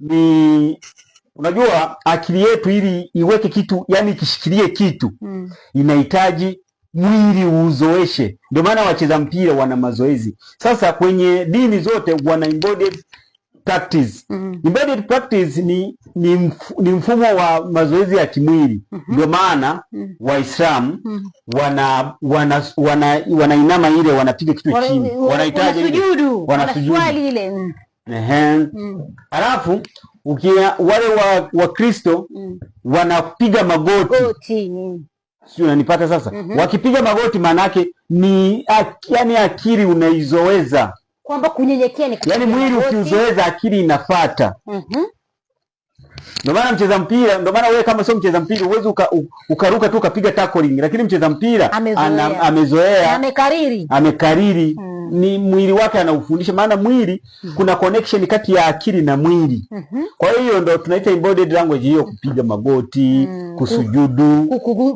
ni unajua akili yetu ili iweke kitu yani ikishikilie kitu mm. inahitaji mwili uuzoeshe. Ndio maana wacheza mpira wana mazoezi. Sasa kwenye dini zote wana embodied practice. Mm. Embodied practice ni, ni, mf, ni mfumo wa mazoezi ya kimwili. Hmm. ndio Mm -hmm. maana mm. waislam mm. wana wana wanainama wana ile wanapiga kitu chini. Wanahitaji wanasujudu. Wanasujudu. Wana Mm. halafu mm. ukia wale wa Wakristo mm. wanapiga magoti, goti. Mm. Sio, unanipata sasa? mm -hmm. Wakipiga magoti maana yake ni ak, yani akili unaizoeza kwamba kunyenyekea ni yani mwili ukiuzoeza akili inafata. mm Ndio maana mcheza mpira, ndio maana wewe kama sio mcheza mpira uwezi uka, ukaruka tu ukapiga tackling, lakini mcheza mpira amezoea, amekariri, amekariri. Mm ni mwili wake anaufundisha, maana mwili mm -hmm. kuna connection kati ya akili na mwili mm -hmm. kwa hiyo ndo tunaita embodied language hiyo, hmm. kupiga magoti mm, kusujudu,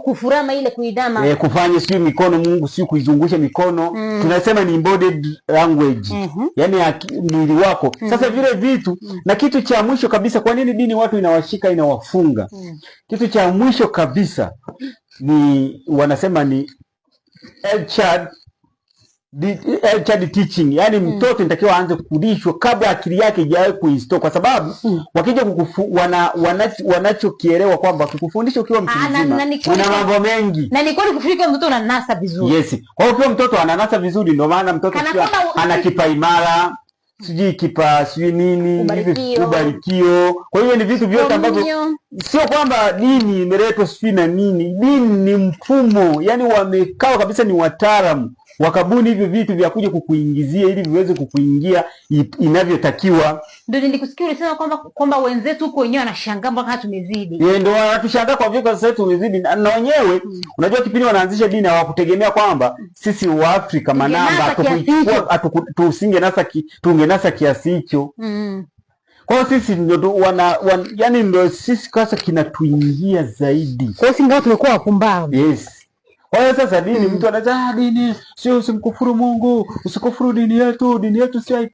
kufurama ile kuidama, eh, kufanya sio mikono Mungu sio kuizungusha mikono mm. tunasema ni embodied language mm -hmm. yani mwili wako mm -hmm. sasa vile vitu mm -hmm. na kitu cha mwisho kabisa, kwa nini dini watu inawashika inawafunga mm -hmm. kitu cha mwisho kabisa ni wanasema ni eh, Eh, child teaching, yani mm. mtoto nitakiwa aanze kufundishwa kabla akili yake haijawahi kuinstall, kwa sababu mm. wakija kukufu, wana, wana, wanachokielewa kwamba kukufundisha ukiwa mtu ah, mzima kuna mambo mengi, na ni kweli kufika mtoto ananasa vizuri. Yes, kwa hiyo ukiwa mtoto ananasa vizuri, ndio maana mtoto kwa, ana kipa imara sijui kipa sijui nini ubarikio. Ubarikio. Kwa hiyo ni vitu vyote ambavyo sio kwamba dini imeletwa sijui na nini. Dini ni mfumo, yani wamekaa kabisa, ni wataalamu wakabuni hivyo vitu vya kuja kukuingizia ili viweze kukuingia inavyotakiwa. Ndio nilikusikia ulisema kwamba kwamba wenzetu huko wenyewe wanashangaa mpaka tumezidi. Yeye ndio wanatushangaa kwa vile sasa tumezidi na wenyewe mm. Unajua kipindi wanaanzisha dini hawakutegemea kwamba sisi Waafrika manamba tusinge nasa tunge nasa kiasi hicho mm. Kwa sisi ndio wana, wana yani ndio sisi kasa kinatuingia zaidi. Kwa hiyo si tumekuwa wapumbavu. Yes. Kwa hiyo sasa dini, mm. mtu anaja ah, dini sio, usimkufuru Mungu, usikufuru dini yetu, dini yetu sio